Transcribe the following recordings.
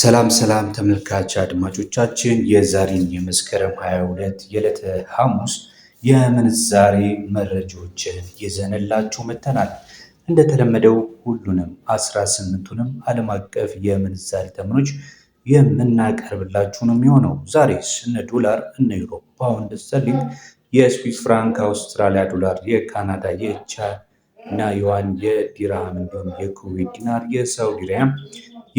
ሰላም ሰላም ተመልካች አድማጮቻችን የዛሬን የመስከረም 22 የዕለተ ሐሙስ የምንዛሬ መረጃዎችን ይዘንላችሁ መጥተናል። እንደተለመደው ሁሉንም 18ቱንም ዓለም አቀፍ የምንዛሬ ተመኖች የምናቀርብላችሁ ነው የሚሆነው። ዛሬ እነ ዶላር፣ እነ ዩሮ፣ ፓውንድ ስተርሊንግ፣ የስዊስ ፍራንክ፣ አውስትራሊያ ዶላር፣ የካናዳ፣ የቻይና ዩዋን፣ የዲራም እንዲሁም የኩዌት ዲናር፣ የሳውዲ ሪያም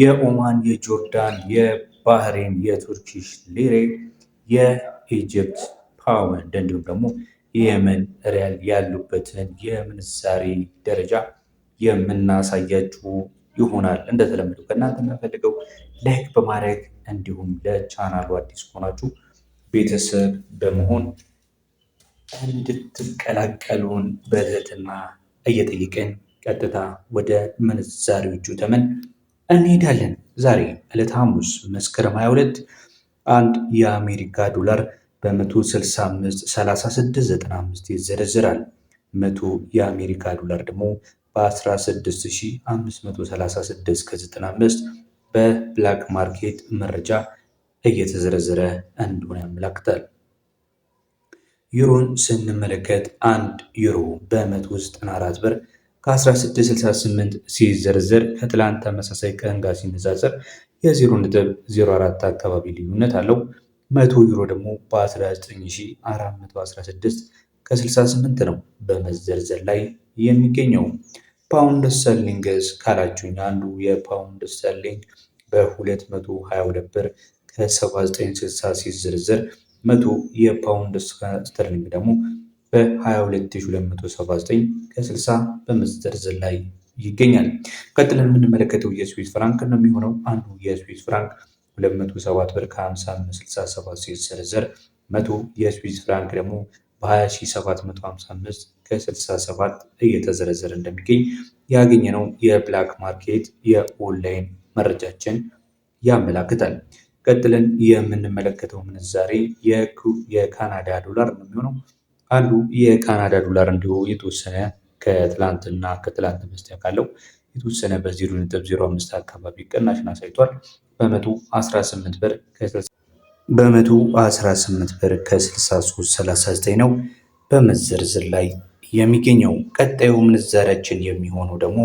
የኦማን፣ የጆርዳን፣ የባህሬን፣ የቱርኪሽ ሊሬ፣ የኢጅፕት ፓውንድ እንዲሁም ደግሞ የየመን ሪያል ያሉበትን የምንዛሬ ደረጃ የምናሳያችሁ ይሆናል። እንደተለመደው ከእናንተ የምንፈልገው ላይክ በማድረግ እንዲሁም ለቻናሉ አዲስ ከሆናችሁ ቤተሰብ በመሆን እንድትቀላቀሉን በትህትና እየጠየቅን ቀጥታ ወደ ምንዛሬዎቹ ተመን እንሄዳለን። ዛሬ ዕለት ሐሙስ መስከረም 22 አንድ የአሜሪካ ዶላር በ165 36.95 ይዘረዝራል። መቶ የአሜሪካ ዶላር ደግሞ በ16536 ከ95 በብላክ ማርኬት መረጃ እየተዘረዘረ እንደሆነ ያመላክታል። ዩሮን ስንመለከት አንድ ዩሮ በ194 ብር ከ1668 ሲዘርዘር ከትላንት ተመሳሳይ ቀን ጋር ሲነጻጸር የ0.04 አካባቢ ልዩነት አለው። 100 ዩሮ ደግሞ በ19416 ከ68 ነው በመዘርዘር ላይ የሚገኘው። ፓውንድ ስተርሊንግስ ካላችሁኝ አንዱ የፓውንድ ስተርሊንግ በ222 ብር ከ7960 ሲዘረዘር 100 የፓውንድ ስተርሊንግ ደግሞ በ22279 ከ60 በመዘርዝር ላይ ይገኛል። ቀጥለን የምንመለከተው የስዊስ ፍራንክ ነው የሚሆነው። አንዱ የስዊስ ፍራንክ 207 ብር ከ5567 ሲዘረዘር 100 የስዊስ ፍራንክ ደግሞ በ20755 ከ67 እየተዘረዘረ እንደሚገኝ ያገኘነው የብላክ ማርኬት የኦንላይን መረጃችን ያመላክታል። ቀጥለን የምንመለከተው ምንዛሬ የካናዳ ዶላር ነው የሚሆነው አንዱ የካናዳ ዶላር እንዲሁ የተወሰነ ከትላንትና ከትላንት በስቲያ ካለው የተወሰነ በ ነጥብ አካባቢ ቅናሽን አሳይቷል። በመቶ 18 ብር በመቶ 18 ብር ከ6339 ነው በመዘርዝር ላይ የሚገኘው። ቀጣዩ ምንዛሪያችን የሚሆነው ደግሞ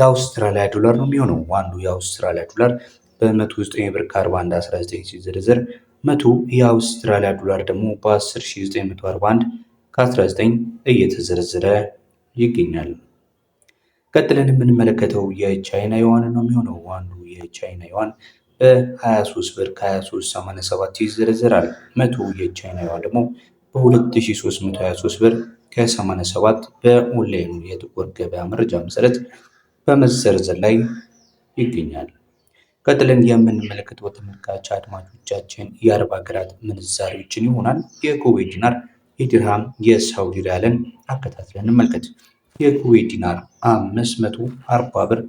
የአውስትራሊያ ዶላር ነው የሚሆነው። አንዱ የአውስትራሊያ ዶላር በ109 ብር ከ41 ሲዘረዘር መቶ የአውስትራሊያ ዶላር ደግሞ በ10941 ከ19 እየተዘረዘረ ይገኛል። ቀጥለን የምንመለከተው የቻይና ዩዋን ነው የሚሆነው። ዋንዱ የቻይና ዩዋን በ23 ብር ከ2387 ይዘረዘራል። መቶ የቻይና ዩዋን ደግሞ በ2323 ብር ከ87 በኦንላይኑ የጥቁር ገበያ መረጃ መሰረት በመዘርዘር ላይ ይገኛል። ቀጥለን የምንመለከተው ተመልካች አድማጮቻችን የአረብ ሀገራት ምንዛሪዎችን ይሆናል። የኩዌት ዲናር የድርሃም የሳውዲ ሪያልን አከታትለን እንመልከት። የኩዌት ዲናር 540 ብር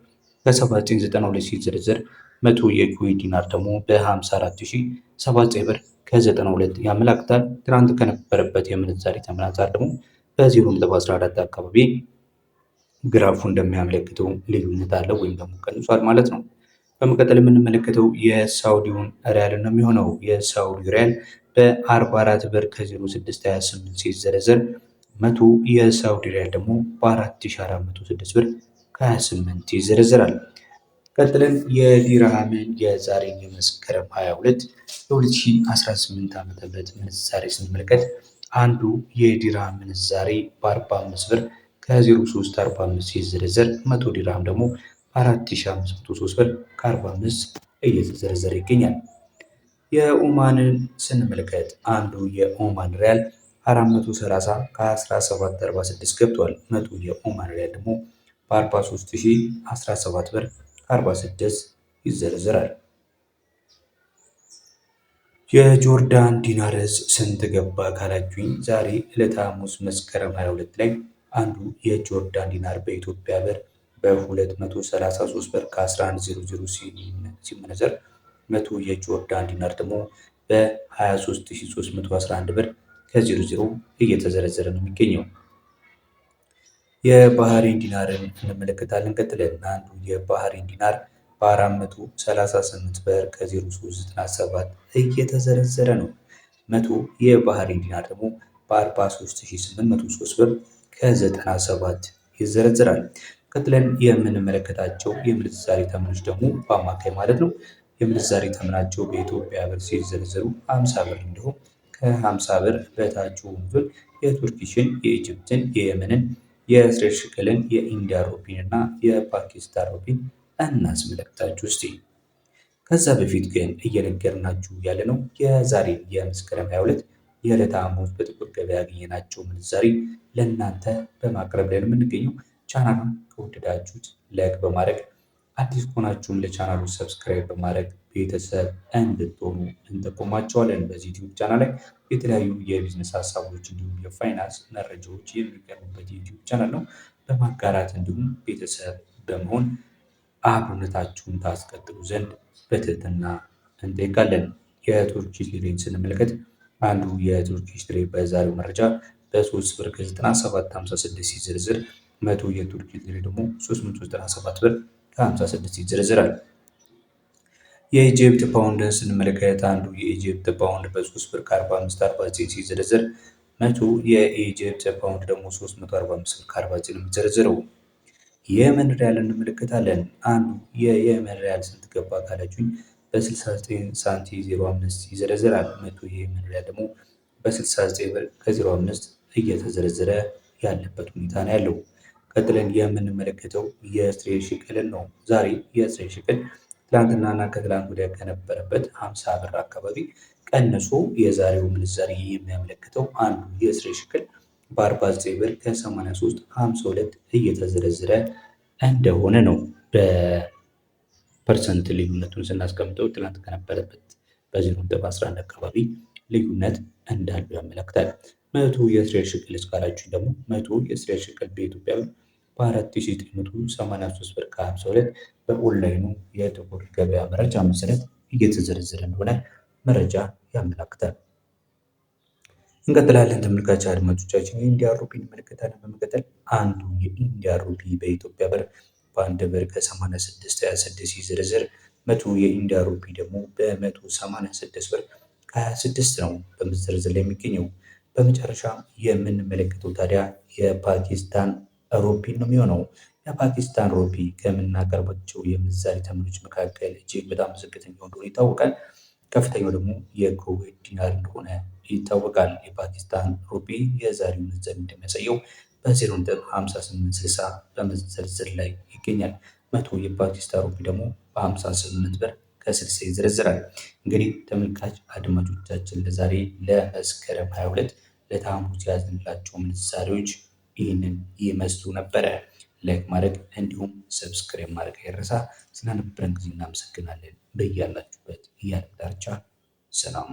ከ7992 ሲዘረዘር 100 የኩዌት ዲናር ደግሞ በ54079 ብር ከ92 ያመላክታል። ትናንት ከነበረበት የምንዛሬ ተመናዛር ደግሞ በ0.14 አካባቢ ግራፉ እንደሚያመለክተው ልዩነት አለው ወይም ደግሞ ቀንሷል ማለት ነው። በመቀጠል የምንመለከተው የሳውዲውን ሪያል ነው የሚሆነው የሳውዲ ሪያል በ44 ብር ከ0628 ሲዘረዘር 100 የሳውዲ ሪያል ደግሞ በ4406 ብር ከ28 ይዘረዘራል። ቀጥለን የዲርሃምን የዛሬ የመስከረም 22 የ2018 ዓ ም ምንዛሬ ስንመለከት አንዱ የዲርሃም ምንዛሬ በ45 ብር ከ0345 ሲዘረዘር 100 ዲርሃም ደግሞ በ4503 ብር ከ45 እየተዘረዘረ ይገኛል። የኦማንን ስንመለከት አንዱ የኦማን ሪያል 430 ከ1746 ገብቷል። መቶ የኦማን ሪያል ደግሞ በ43017 ብር 46 ይዘረዘራል የጆርዳን ዲናርስ ስንት ገባ ካላችሁኝ ዛሬ ዕለተ ሐሙስ መስከረም 22 ላይ አንዱ የጆርዳን ዲናር በኢትዮጵያ ብር በ233 ብር ከ1100 ሲመነዘር መቶ የእጅ ወርዳ ዲናር ደግሞ በ23311 ብር ከ00 እየተዘረዘረ ነው የሚገኘው። የባህሬን ዲናርን እንመለከታለን። ቀጥለን አንዱ የባህሬን ዲናር በ438 ብር ከ0397 እየተዘረዘረ ነው። መቶ የባህሬን ዲናር ደግሞ በ43803 ብር ከ97 ይዘረዘራል። ቀጥለን የምንመለከታቸው የምንዛሬ ተመኖች ደግሞ በአማካይ ማለት ነው የምንዛሬ ተመናቸው በኢትዮጵያ ብር ሲዘረዘሩ 50 ብር እንዲሁም ከ50 ብር በታች የሆኑትን የቱርኪሽን፣ የኢጅፕትን፣ የየመንን፣ የእስራኤል ሽቅልን፣ የኢንዲያ ሮፒን እና የፓኪስታን ሮፒን እናስመለክታችሁ እስቲ። ከዛ በፊት ግን እየነገርናችሁ ያለ ነው የዛሬ የመስከረም 22 የዕለተ ሐሙስ በጥቁር ገበያ ያገኘናቸው ምንዛሬ ለእናንተ በማቅረብ ላይ የምንገኘው። ቻናሉን ከወደዳችሁት ላይክ በማድረግ አዲስ ከሆናችሁም ለቻናሉ ሰብስክራይብ በማድረግ ቤተሰብ እንድትሆኑ እንጠቆማቸዋለን። በዚህ ዩቲዩብ ቻናል ላይ የተለያዩ የቢዝነስ ሀሳቦች እንዲሁም የፋይናንስ መረጃዎች የሚቀርቡበት ዩቲዩብ ቻናል ነው። በማጋራት እንዲሁም ቤተሰብ በመሆን አብሮነታችሁን ታስቀጥሉ ዘንድ በትህትና እንጠይቃለን። የቱርክ ሊሬን ስንመለከት አንዱ የቱርክ ሊሬ በዛሬው መረጃ በ3 ብር ከ9756 ሲዝርዝር መቶ የቱርክ ሊሬ ደግሞ 397 ብር ከ56 ይዘረዝራል። የኢጂፕት ፓውንድን ስንመለከት አንዱ የኢጂፕት ፓውንድ በ3 ብር ከ45 49 ሲዘረዝር መቶ የኢጂፕት ፓውንድ ደግሞ 345 ብር ከ49 ነው የሚዘረዝረው። ሪያል እንመለከታለን። አንዱ የየመን ሪያል ስንት ገባ ካላችሁኝ በ69 ሳንቲ 05 ይዘረዝራል። መቶ የየመን ሪያል ደግሞ በ69 ብር ከ05 እየተዘረዘረ ያለበት ሁኔታ ነው ያለው። ቀጥለን የምንመለከተው የስትሬን ሽቅልን ነው። ዛሬ የስትሬን ሽቅል ትላንትናና ከትላንት ወዲያ ከነበረበት ሀምሳ ብር አካባቢ ቀንሶ የዛሬው ምንዛሪ የሚያመለክተው አንዱ የስትሬን ሽቅል በ49 ብር ከ83 52 እየተዘረዘረ እንደሆነ ነው። በፐርሰንት ልዩነቱን ስናስቀምጠው ትላንት ከነበረበት በዜሮ ነጥብ 11 አካባቢ ልዩነት እንዳሉ ያመለክታል። መቶ የስትሬን ሽቅል እስካላችሁ ደግሞ መቶ የስትሬን ሽቅል በኢትዮጵያ በ4983 ብር ከ52 በኦንላይኑ የጥቁር ገበያ መረጃ መሰረት እየተዘረዘረ እንደሆነ መረጃ ያመላክታል። እንቀጥላለን ተመልካች አድማጮቻችን፣ የኢንዲያ ሩፒ እንመለከታለን። በመቀጠል አንዱ የኢንዲያ ሩፒ በኢትዮጵያ ብር በአንድ ብር ከ8626 ሲዘረዘር መቶ የኢንዲያ ሩፒ ደግሞ በ186 ብር ከ26 ነው በመዘርዘር ላይ የሚገኘው። በመጨረሻ የምንመለከተው ታዲያ የፓኪስታን ሩፒ ነው የሚሆነው። የፓኪስታን ሮቢ ከምናቀርባቸው የምንዛሪ ተመኖች መካከል እጅግ በጣም ዝቅተኛ እንደሆነ ይታወቃል። ከፍተኛው ደግሞ የኩዌት ዲናር እንደሆነ ይታወቃል። የፓኪስታን ሮቢ የዛሬው ምንዛሪ እንደሚያሳየው በ ነጥብ 58 60 ላይ ይገኛል። መቶ የፓኪስታን ሮቢ ደግሞ በ58 ብር ከ60 ይዘረዝራል። እንግዲህ ተመልካች አድማጮቻችን ለዛሬ ለመስከረም 22 ለታሙ ያዝንላቸው ምንዛሬዎች ይህንን ይመስሉ ነበረ። ላይክ ማድረግ እንዲሁም ሰብስክራይብ ማድረግ አይረሳ። ስለነበረን ጊዜ እናመሰግናለን። በያላችሁበት እያለ ዳርቻ ሰላም